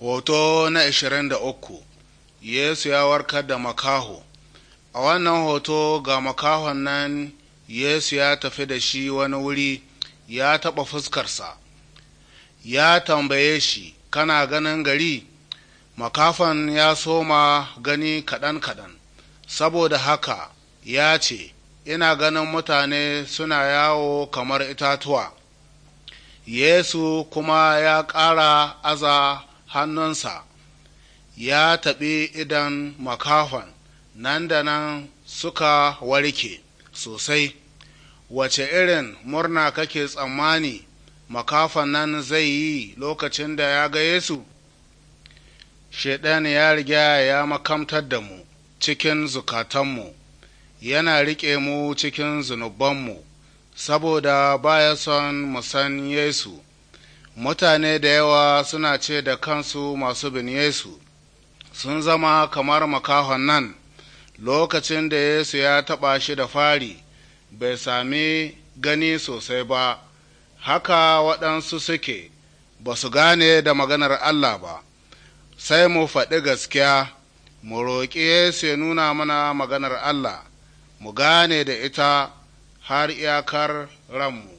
Hoto na 23 Yesu ya warkar da makaho A wannan hoto ga makahon nan Yesu ya tafi da shi wani wuri ya taɓa fuskarsa, ya tambaye shi, Kana ganin gari? Makafan ya soma gani kaɗan-kaɗan, saboda haka ya ce, Ina ganin mutane suna yawo kamar itatuwa. Yesu kuma ya ƙara aza hannunsa ya taɓi idan makahon nan da nan suka warke sosai wace irin murna kake tsammani makafan nan zai yi lokacin da ya ga Yesu? Shaiɗan ya riga ya makamtar da mu cikin zukatanmu, yana riƙe mu cikin zunubanmu, saboda baya son mu san Yesu. mutane da yawa suna ce da kansu masu bin Yesu, sun zama kamar makahon nan lokacin da Yesu ya taɓa shi da fari, bai sami gani sosai ba, haka waɗansu suke, ba su gane da maganar Allah ba, sai mu faɗi gaskiya, mu roƙi Yesu ya nuna mana maganar Allah, mu gane da ita har iyakar ranmu.